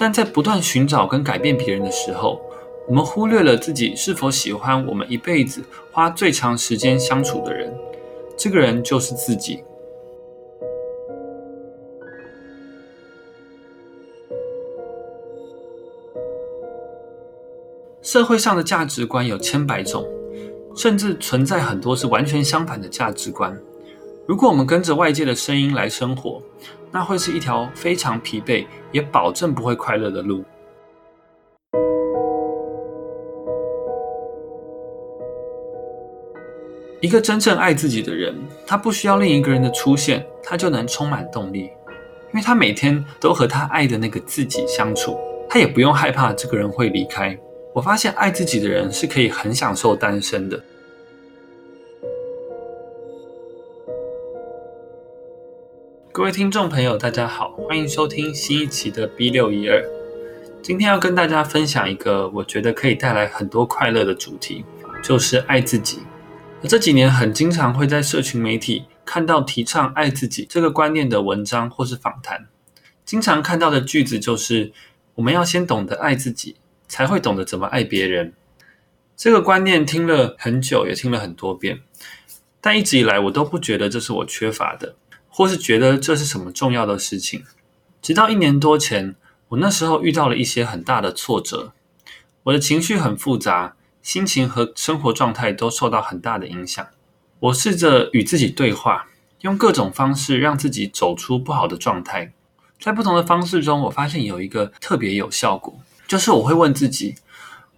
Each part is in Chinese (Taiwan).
但在不斷尋找跟改變別人的時候，我們忽略了自己是否喜歡我們一輩子花最長時間相處的人。這個人就是自己。社會上的價值觀有千百種，甚至存在很多是完全相反的價值觀。如果我們跟着外界的聲音來生活，那會是一條非常疲憊，也保證不會快樂的路。一個真正愛自己的人，他不需要另一個人的出現，他就能充滿動力，因為他每天都和他愛的那個自己相處，他也不用害怕這個人會離開。我發現，愛自己的人是可以很享受單身的。各位聽眾朋友，大家好，歡迎收聽新一期的 B612。今天要跟大家分享一個我覺得可以帶來很多快樂的主題，就是愛自己。我這幾年很經常會在社群媒體看到提倡愛自己這個觀念的文章或是訪談，經常看到的句子就是“我們要先懂得愛自己，才會懂得怎麼愛別人”。這個觀念聽了很久，也聽了很多遍，但一直以來我都不覺得這是我缺乏的。或是覺得這是什麼重要的事情。直到一年多前，我那時候遇到了一些很大的挫折，我的情緒很複雜，心情和生活狀態都受到很大的影響。我試着與自己對話，用各種方式讓自己走出不好的狀態。在不同的方式中，我發現有一個特別有效果，就是我會問自己：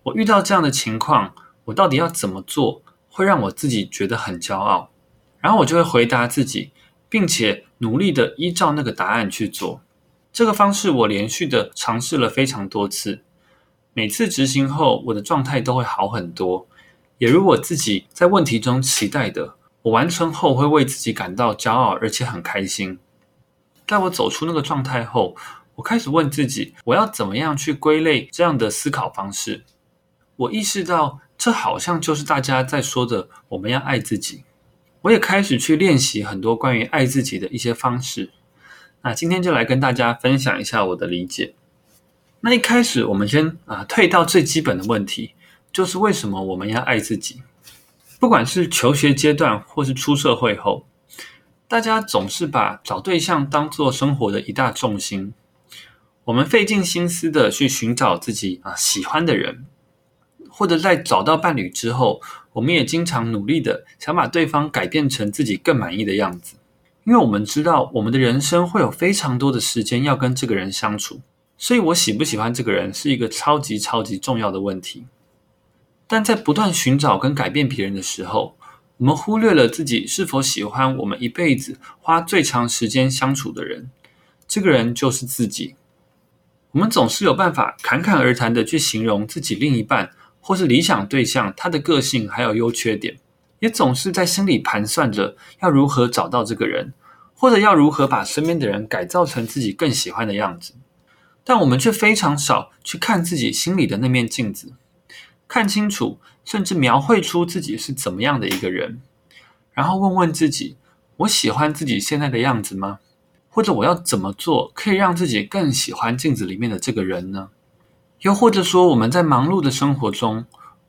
我遇到這樣的情況，我到底要怎麼做，會讓我自己覺得很驕傲？然後我就會回答自己。並且努力的依照那個答案去做，這個方式我連續的嘗試了非常多次，每次執行後我的狀態都會好很多，也如我自己在問題中期待的，我完成後會為自己感到驕傲，而且很開心。在我走出那個狀態後，我開始問自己，我要怎麼樣去歸類這樣的思考方式？我意識到，這好像就是大家在說的，我們要愛自己。我也開始去練習很多關於愛自己的一些方式。那今天就來跟大家分享一下我的理解。那一開始，我們先啊退到最基本的問題，就是為什麼我們要愛自己？不管是求學階段，或是出社會後，大家總是把找對象當做生活的一大重心。我們費盡心思的去尋找自己啊喜歡的人。或者，在找到伴侶之後，我們也經常努力的想把對方改變成自己更滿意的樣子，因為我們知道我們的人生會有非常多的時間要跟這個人相處，所以我喜不喜歡這個人是一個超級超級重要的問題。但在不斷尋找跟改變別人的時候，我們忽略了自己是否喜歡我們一輩子花最長時間相處的人，這個人就是自己。我們總是有辦法侃侃而談的去形容自己另一半。或是理想對象，他的個性還有優缺點，也總是在心裡盤算着要如何找到這個人，或者要如何把身邊的人改造成自己更喜歡的樣子。但我們卻非常少去看自己心裡的那面鏡子，看清楚，甚至描繪出自己是怎麼樣的一個人，然後問問自己：我喜歡自己現在的樣子嗎？或者我要怎麼做可以讓自己更喜歡鏡子裡面的這個人呢？又或者說，我們在忙碌的生活中，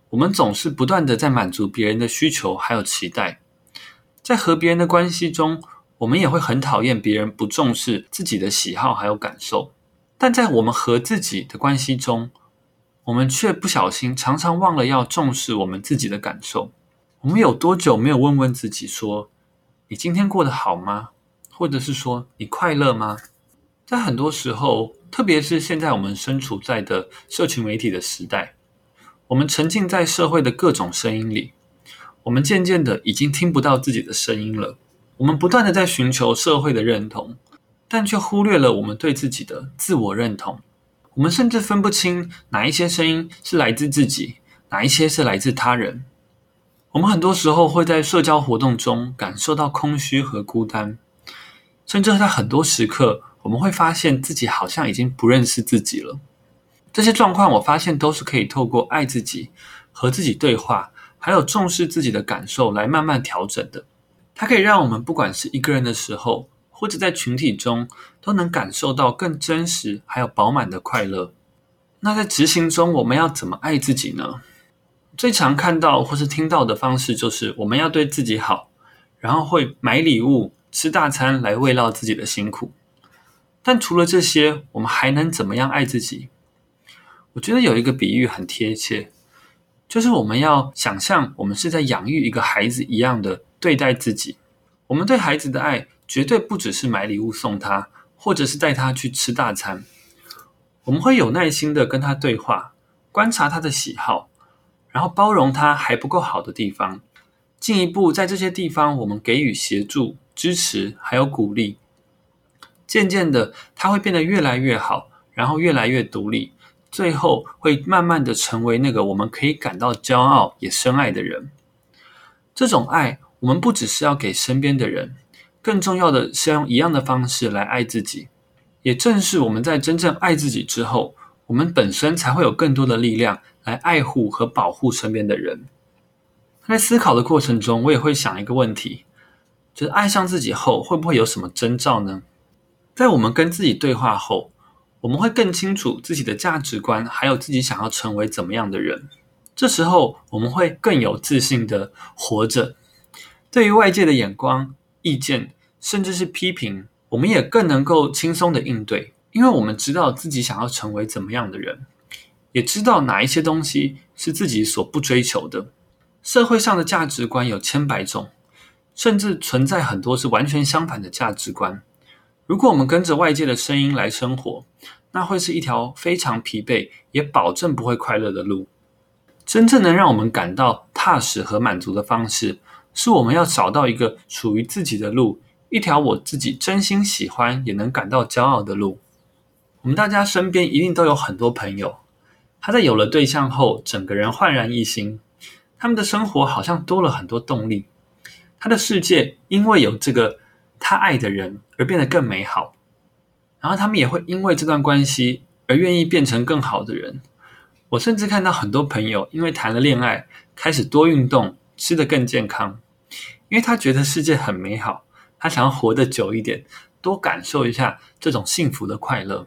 我們總是不斷地在滿足別人的需求還有期待，在和別人的關係中，我們也會很討厭別人不重視自己的喜好還有感受，但在我們和自己的關係中，我們卻不小心常常忘了要重視我們自己的感受。我們有多久沒有問問自己說：“你今天過得好嗎？”或者是說：“你快樂嗎？”在很多時候，特別是現在我們身處在的社群媒體的時代，我們沉浸在社會的各種聲音裡，我們漸漸的已經聽不到自己的聲音了。我們不斷的在尋求社會的認同，但卻忽略了我們對自己的自我認同。我們甚至分不清哪一些聲音是來自自己，哪一些是來自他人。我們很多時候會在社交活動中感受到空虛和孤單，甚至在很多時刻。我們會發現自己好像已經不認識自己了。這些狀況，我發現都是可以透過愛自己、和自己對話，還有重視自己的感受來慢慢調整的。它可以讓我們不管是一個人的時候，或者在群體中，都能感受到更真實還有飽滿的快樂。那在執行中，我們要怎麼愛自己呢？最常看到或是聽到的方式，就是我們要對自己好，然後會買禮物、吃大餐來慰勞自己的辛苦。但除了這些，我們還能怎麼樣愛自己？我覺得有一個比喻很貼切，就是我們要想象我們是在養育一個孩子一樣的對待自己。我們對孩子的愛絕對不只是買禮物送他，或者是帶他去吃大餐。我們會有耐心的跟他對話，觀察他的喜好，然後包容他還不夠好的地方，進一步在這些地方我們給予協助、支持，還有鼓勵。漸漸的，他會變得越來越好，然後越來越獨立，最後會慢慢的成為那個我們可以感到驕傲也深愛的人。這種愛，我們不只是要給身邊的人，更重要的是要用一樣的方式來愛自己。也正是我們在真正愛自己之後，我們本身才會有更多的力量來愛護和保護身邊的人。在思考的過程中，我也會想一個問題，就是愛上自己後會不會有什麼徵兆呢？在我們跟自己對話後，我們會更清楚自己的價值觀，還有自己想要成為怎麼樣的人。這時候，我們會更有自信的活着。對於外界的眼光、意見，甚至是批評，我們也更能夠輕鬆的應對，因為我們知道自己想要成為怎麼樣的人，也知道哪一些東西是自己所不追求的。社會上的價值觀有千百種，甚至存在很多是完全相反的價值觀。如果我們跟着外界的聲音來生活，那會是一條非常疲憊，也保證不會快樂的路。真正能讓我們感到踏實和滿足的方式，是我們要找到一個屬於自己的路，一條我自己真心喜歡，也能感到驕傲的路。我們大家身邊一定都有很多朋友，他在有了對象後，整個人煥然一新，他們的生活好像多了很多動力，他的世界因為有這個。他愛的人而變得更美好，然後他們也會因為這段關係而願意變成更好的人。我甚至看到很多朋友因為談了戀愛，開始多運動，吃得更健康，因為他覺得世界很美好，他想要活得久一點，多感受一下這種幸福的快樂。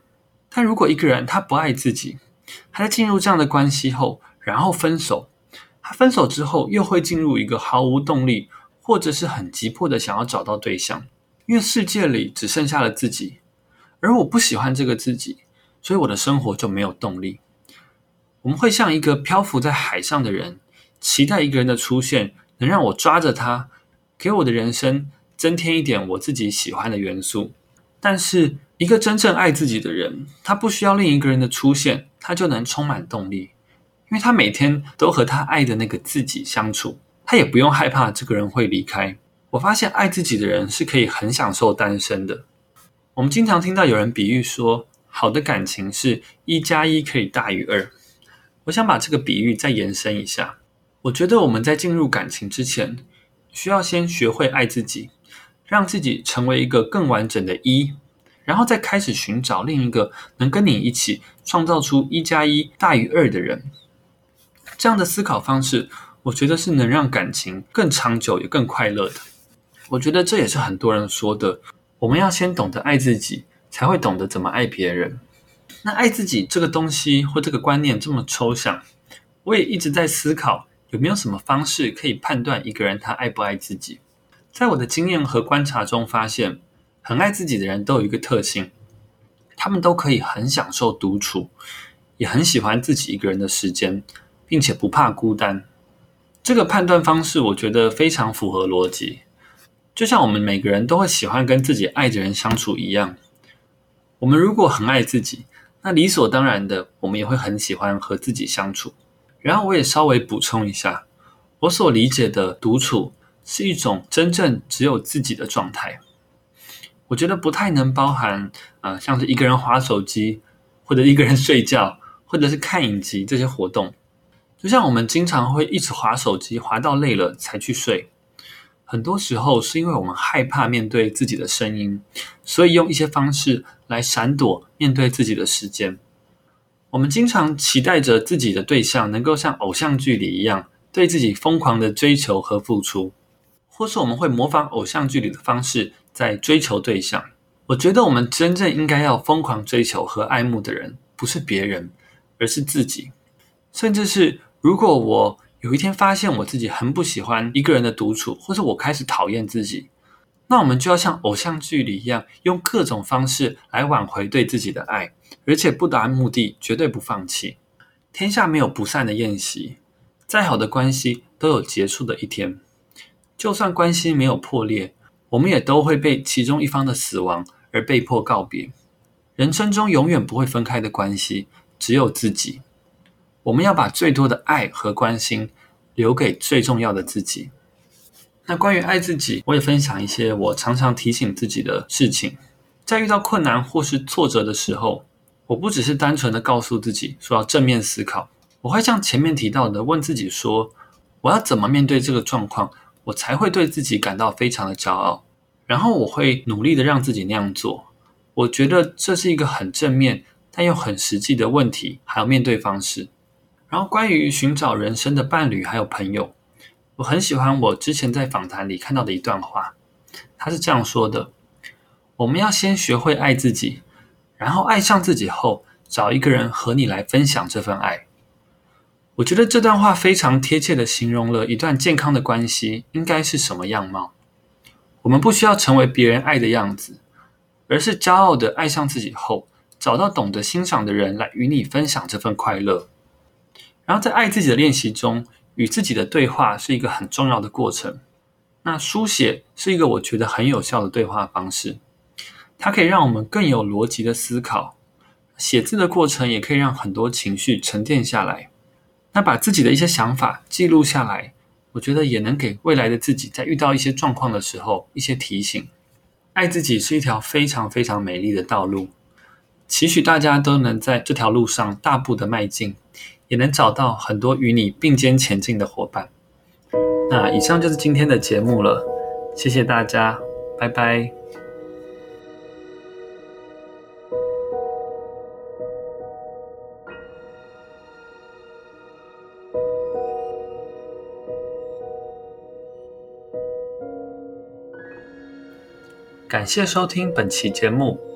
但如果一個人他不愛自己，他在進入這樣的關係後，然後分手，他分手之後又會進入一個毫無動力，或者是很急迫的想要找到對象。因為世界裡只剩下了自己，而我不喜歡這個自己，所以我的生活就沒有動力。我們會像一個漂浮在海上的人，期待一個人的出現，能讓我抓着他，給我的人生增添一點我自己喜歡的元素。但是，一個真正愛自己的人，他不需要另一個人的出現，他就能充滿動力，因為他每天都和他愛的那個自己相處，他也不用害怕這個人會離開。我發現愛自己的人是可以很享受單身的。我們經常聽到有人比喻說，好的感情是一加一可以大於二。我想把這個比喻再延伸一下。我覺得我們在進入感情之前，需要先學會愛自己，讓自己成為一個更完整的“一”，然後再開始尋找另一個能跟你一起創造出一加一大於二的人。這樣的思考方式，我覺得是能讓感情更長久也更快樂的。我覺得這也是很多人說的：我們要先懂得愛自己，才會懂得怎麼愛別人。那愛自己這個東西或這個觀念這麼抽象，我也一直在思考有沒有什麼方式可以判斷一個人他愛不愛自己。在我的經驗和觀察中，發現很愛自己的人都有一個特性：他們都可以很享受獨處，也很喜歡自己一個人的時間，並且不怕孤單。這個判斷方式，我覺得非常符合邏輯。就像我們每個人都會喜歡跟自己愛的人相處一樣，我們如果很愛自己，那理所當然的，我們也會很喜歡和自己相處。然後，我也稍微補充一下，我所理解的獨處是一種真正只有自己的狀態。我覺得不太能包含，呃，像是一個人滑手機，或者一個人睡覺，或者是看影集這些活動。就像我們經常會一直滑手機，滑到累了才去睡。很多時候是因為我們害怕面對自己的聲音，所以用一些方式來閃躲面對自己的時間。我們經常期待着自己的對象能夠像偶像劇裡一樣，對自己瘋狂的追求和付出，或是我們會模仿偶像劇裡的方式在追求對象。我覺得我們真正應該要瘋狂追求和愛慕的人，不是別人，而是自己，甚至是如果我。有一天發現我自己很不喜歡一個人的獨處，或是我開始討厭自己，那我們就要像偶像劇裡一樣，用各種方式來挽回對自己的愛，而且不達目的絕對不放棄。天下沒有不散的宴席，再好的關係都有結束的一天。就算關係沒有破裂，我們也都會被其中一方的死亡而被迫告別。人生中永遠不會分開的關係，只有自己。我們要把最多的愛和關心，留給最重要的自己。那關於愛自己，我也分享一些我常常提醒自己的事情。在遇到困難或是挫折的時候，我不只是單純的告訴自己說要正面思考，我會像前面提到的，問自己說，我要怎麼面對這個狀況，我才會對自己感到非常的驕傲。然後我會努力的讓自己那樣做。我覺得這是一個很正面但又很實際的問題，還有面對方式。然後，關於尋找人生的伴侶還有朋友，我很喜歡我之前在訪談裡看到的一段話，他是這樣說的：“我們要先學會愛自己，然後愛上自己後，找一個人和你來分享這份愛。”我覺得這段話非常貼切的形容了一段健康的關係應該是什麼樣貌。我們不需要成為別人愛的樣子，而是驕傲的愛上自己後，找到懂得欣賞的人來與你分享這份快樂。然後，在愛自己的練習中，與自己的對話是一個很重要的過程。那書寫是一個我覺得很有效的對話方式，它可以讓我們更有邏輯的思考。寫字的過程也可以讓很多情緒沉澱下來。那把自己的一些想法記錄下來，我覺得也能給未來的自己在遇到一些狀況的時候一些提醒。愛自己是一條非常非常美麗的道路，期許大家都能在這條路上大步的邁進。也能找到很多與你並肩前進的夥伴。那以上就是今天的節目了，謝謝大家，拜拜。感謝收聽本期節目。